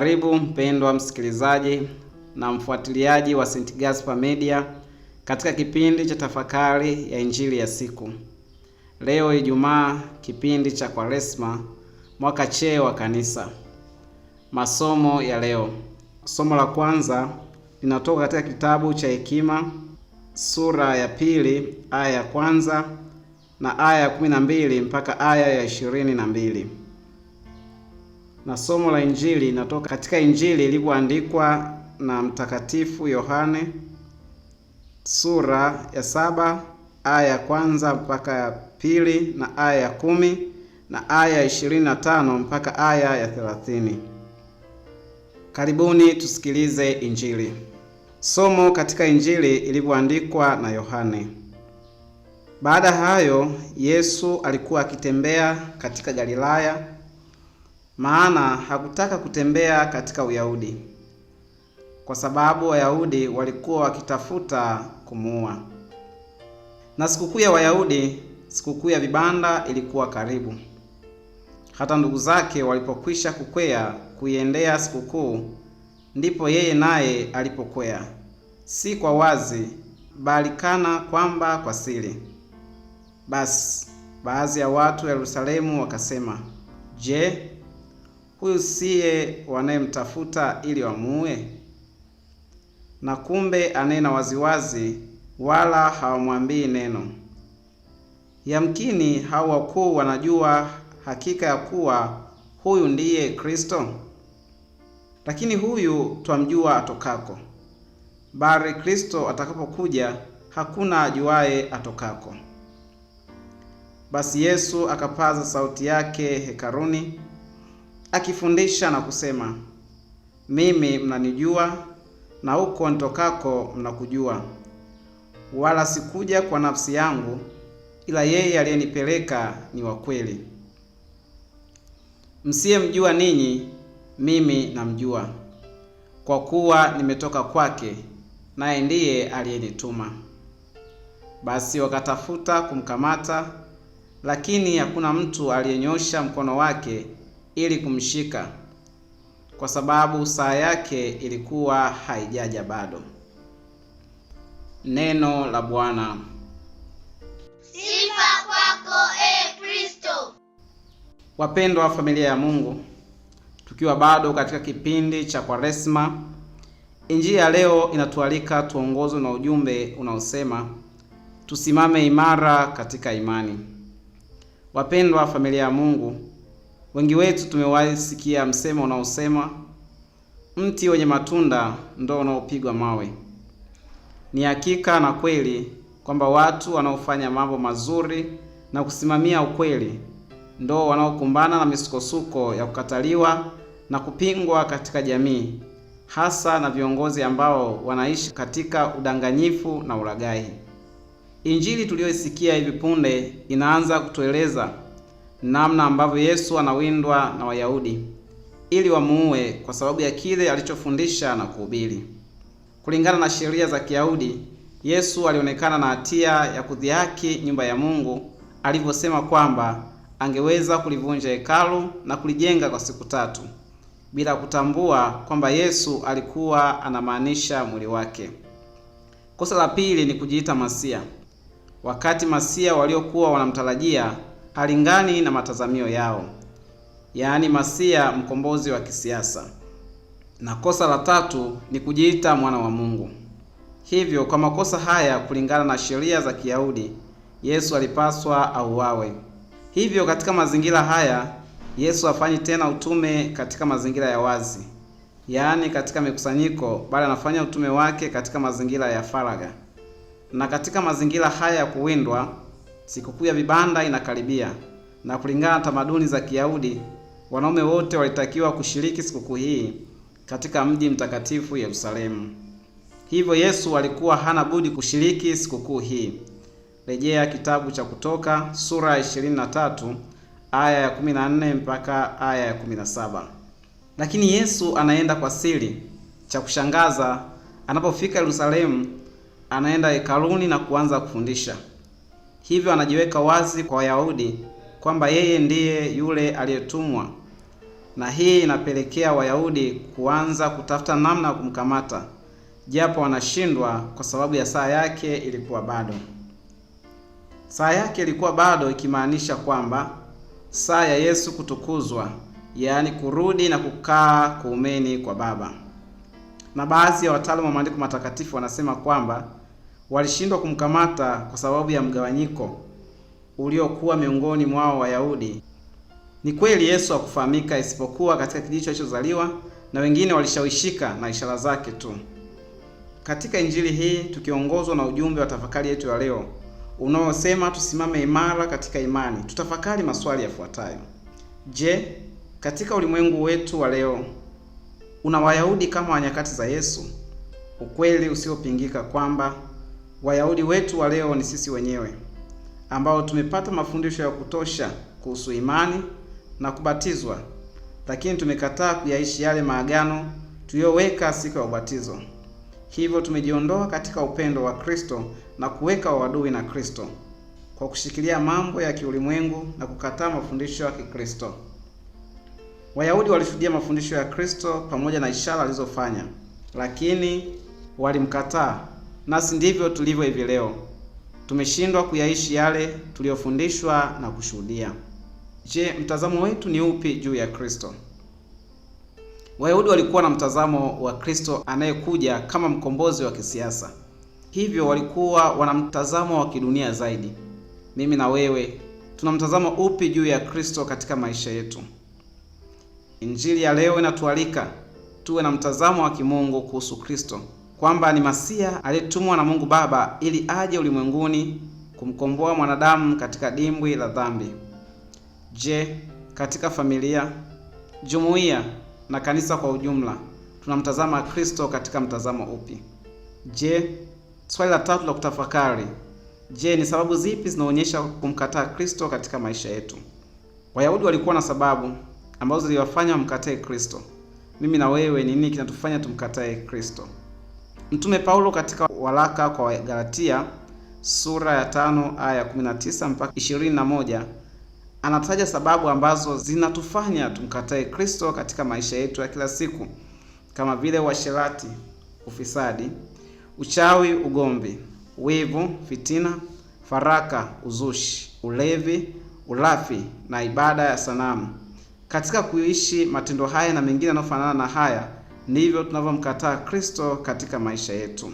Karibu mpendwa msikilizaji na mfuatiliaji wa St. Gaspar Media katika kipindi cha tafakari ya injili ya siku. Leo Ijumaa, kipindi cha Kwaresma mwaka C wa Kanisa. Masomo ya leo, somo la kwanza linatoka katika kitabu cha Hekima sura ya pili aya ya kwanza na aya ya kumi na mbili mpaka aya ya ishirini na mbili na somo la Injili inatoka katika Injili ilivyoandikwa na Mtakatifu Yohane sura ya saba aya ya kwanza mpaka ya pili na aya ya kumi na aya ya ishirini na tano mpaka aya ya thelathini. Karibuni tusikilize Injili. Somo katika Injili ilivyoandikwa na Yohane. Baada hayo Yesu alikuwa akitembea katika Galilaya maana hakutaka kutembea katika Uyahudi kwa sababu Wayahudi walikuwa wakitafuta kumuua. Na sikukuu ya Wayahudi, sikukuu ya vibanda, ilikuwa karibu. Hata ndugu zake walipokwisha kukwea kuiendea sikukuu, ndipo yeye naye alipokwea, si kwa wazi, bali kana kwamba kwa siri. Basi baadhi ya watu wa Yerusalemu wakasema, je, huyu siye wanayemtafuta ili wamuue? Na kumbe anena waziwazi, wala hawamwambii neno. Yamkini hao wakuu wanajua hakika ya kuwa huyu ndiye Kristo, lakini huyu twamjua atokako, bali Kristo atakapokuja hakuna ajuaye atokako. Basi Yesu akapaza sauti yake hekaruni akifundisha na kusema, mimi mnanijua na huko nitokako mnakujua, wala sikuja kwa nafsi yangu, ila yeye aliyenipeleka ni wa kweli. Msiyemjua ninyi, mimi namjua, kwa kuwa nimetoka kwake, naye ndiye aliyenituma. Basi wakatafuta kumkamata, lakini hakuna mtu aliyenyosha mkono wake ili kumshika, kwa sababu saa yake ilikuwa haijaja bado. Neno la Bwana. Sifa kwako e Kristo. Wapendwa familia ya Mungu, tukiwa bado katika kipindi cha Kwaresma, Injili ya leo inatualika tuongozwe na ujumbe unaosema tusimame imara katika imani. Wapendwa familia ya Mungu, Wengi wetu tumewahi sikia msemo unaosema mti wenye matunda ndo unaopigwa mawe. Ni hakika na kweli kwamba watu wanaofanya mambo mazuri na kusimamia ukweli ndo wanaokumbana na misukosuko ya kukataliwa na kupingwa katika jamii, hasa na viongozi ambao wanaishi katika udanganyifu na ulaghai. Injili tuliyoisikia hivi punde inaanza kutueleza namna ambavyo Yesu anawindwa na Wayahudi ili wamuue kwa sababu ya kile alichofundisha na kuhubiri. Kulingana na sheria za Kiyahudi, Yesu alionekana na hatia ya kudhihaki nyumba ya Mungu alivyosema kwamba angeweza kulivunja hekalu na kulijenga kwa siku tatu bila kutambua kwamba Yesu alikuwa anamaanisha mwili wake. Kosa la pili ni kujiita Masia, wakati Masia waliokuwa wanamtarajia halingani na matazamio yao, yaani masia mkombozi wa kisiasa. Na kosa la tatu ni kujiita mwana wa Mungu. Hivyo kwa makosa haya, kulingana na sheria za Kiyahudi, Yesu alipaswa auawe. Hivyo katika mazingira haya, Yesu hafanyi tena utume katika mazingira ya wazi, yaani katika mikusanyiko, bali anafanya utume wake katika mazingira ya faragha. Na katika mazingira haya ya kuwindwa Sikukuu ya vibanda inakaribia na kulingana na tamaduni za Kiyahudi, wanaume wote walitakiwa kushiriki sikukuu hii katika mji mtakatifu Yerusalemu. Hivyo Yesu alikuwa hana budi kushiriki sikukuu hii. Rejea kitabu cha Kutoka sura ya 23 aya ya 14 mpaka aya ya 17. Lakini Yesu anaenda kwa siri. Cha kushangaza, anapofika Yerusalemu, anaenda hekaluni na kuanza kufundisha. Hivyo anajiweka wazi kwa Wayahudi kwamba yeye ndiye yule aliyetumwa, na hii inapelekea Wayahudi kuanza kutafuta namna ya kumkamata, japo wanashindwa kwa sababu ya saa yake ilikuwa bado. Saa yake ilikuwa bado, ikimaanisha kwamba saa ya Yesu kutukuzwa, yaani kurudi na kukaa kuumeni kwa Baba. Na baadhi ya wataalamu wa maandiko matakatifu wanasema kwamba walishindwa kumkamata kwa sababu ya mgawanyiko uliokuwa miongoni mwao Wayahudi. Ni kweli Yesu hakufahamika isipokuwa katika kijiji alichozaliwa na wengine walishawishika na ishara zake tu. Katika injili hii tukiongozwa na ujumbe wa tafakari yetu ya leo unaosema tusimame imara katika imani, tutafakari maswali yafuatayo. Je, katika ulimwengu wetu wa leo una Wayahudi kama wa nyakati za Yesu? Ukweli usiopingika kwamba Wayahudi wetu wa leo ni sisi wenyewe ambao tumepata mafundisho ya kutosha kuhusu imani na kubatizwa, lakini tumekataa kuyaishi yale maagano tuliyoweka siku ya ubatizo. Hivyo tumejiondoa katika upendo wa Kristo na kuweka uadui na Kristo kwa kushikilia mambo ya kiulimwengu na kukataa mafundisho ya Kikristo. Wayahudi walishuhudia mafundisho ya Kristo pamoja na ishara alizofanya, lakini walimkataa nasi ndivyo tulivyo hivi leo, tumeshindwa kuyaishi yale tuliyofundishwa na kushuhudia. Je, mtazamo wetu ni upi juu ya Kristo? Wayahudi walikuwa na mtazamo wa Kristo anayekuja kama mkombozi wa kisiasa, hivyo walikuwa wana mtazamo wa kidunia zaidi. Mimi na wewe tuna mtazamo upi juu ya Kristo katika maisha yetu? Injili ya leo inatualika tuwe na mtazamo wa kimungu kuhusu Kristo kwamba ni Masia aliyetumwa na Mungu Baba ili aje ulimwenguni kumkomboa mwanadamu katika dimbwi la dhambi. Je, katika familia, jumuiya na kanisa kwa ujumla tunamtazama Kristo katika mtazamo upi? Je, swali la tatu la kutafakari, je, ni sababu zipi zinaonyesha kumkataa Kristo katika maisha yetu? Wayahudi walikuwa na sababu ambazo ziliwafanya wamkatae Kristo. Mimi na wewe, nini kinatufanya tumkatae Kristo? Mtume Paulo katika waraka kwa Galatia sura ya tano aya 19 mpaka 21 anataja sababu ambazo zinatufanya tumkatae Kristo katika maisha yetu ya kila siku kama vile uasherati, ufisadi, uchawi, ugomvi, wivu, fitina, faraka, uzushi, ulevi, ulafi na ibada ya sanamu. Katika kuishi matendo haya na mengine yanayofanana na haya ndivyo tunavyomkataa Kristo katika maisha yetu.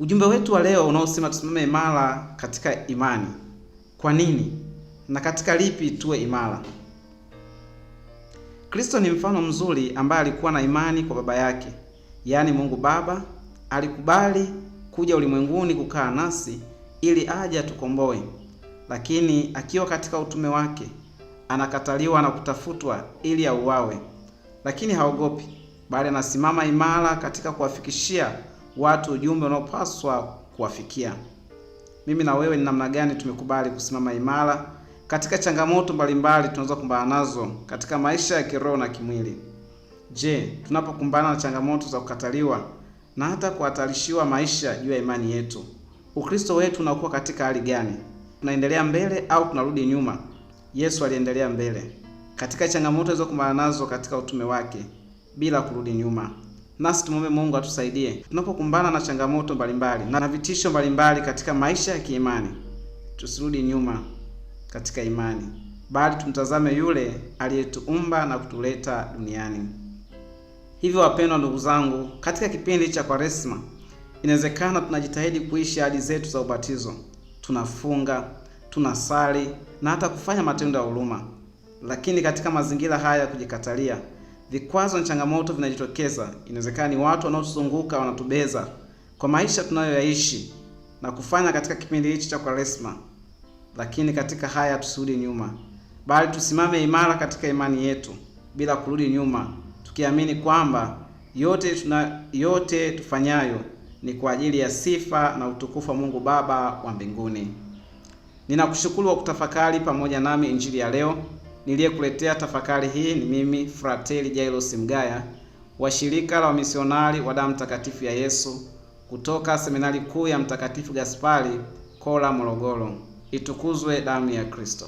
Ujumbe wetu wa leo unaosema tusimame imara katika imani, kwa nini na katika lipi tuwe imara? Kristo ni mfano mzuri ambaye alikuwa na imani kwa Baba yake, yaani Mungu Baba. Alikubali kuja ulimwenguni kukaa nasi ili aje tukomboe lakini akiwa katika utume wake anakataliwa na kutafutwa ili auawe lakini haogopi, bali anasimama imara katika kuwafikishia watu ujumbe unaopaswa kuwafikia. Mimi na wewe, ni namna gani tumekubali kusimama imara katika changamoto mbalimbali tunaweza kumbana nazo katika maisha ya kiroho na kimwili? Je, tunapokumbana na changamoto za kukataliwa na hata kuhatarishiwa maisha juu ya imani yetu, Ukristo wetu unakuwa katika hali gani? Tunaendelea mbele au tunarudi nyuma? Yesu aliendelea mbele katika changamoto alizokumbana nazo katika utume wake bila kurudi nyuma. Nasi tumombe Mungu atusaidie tunapokumbana na changamoto mbalimbali na vitisho mbalimbali katika maisha ya kiimani, tusirudi nyuma katika imani, bali tumtazame yule aliyetuumba na kutuleta duniani. Hivyo wapendwa ndugu zangu, katika kipindi cha Kwaresma inawezekana tunajitahidi kuishi ahadi zetu za ubatizo, tunafunga, tunasali na hata kufanya matendo ya huruma lakini katika mazingira haya ya kujikatalia, vikwazo na changamoto vinajitokeza. Inawezekana ni watu wanaotuzunguka wanatubeza kwa maisha tunayoyaishi na kufanya katika kipindi hichi cha Kwaresma. Lakini katika haya tusirudi nyuma, bali tusimame imara katika imani yetu bila kurudi nyuma, tukiamini kwamba yote tuna, yote tufanyayo ni kwa ajili ya sifa na utukufu wa Mungu Baba wa mbinguni. Ninakushukuru kwa kutafakari pamoja nami Injili ya leo. Niliyekuletea tafakari hii ni mimi Frateli Jailos Mgaya wa shirika la wamisionari wa damu takatifu ya Yesu kutoka seminari kuu ya Mtakatifu Gaspari Kola, Morogoro. Itukuzwe damu ya Kristo!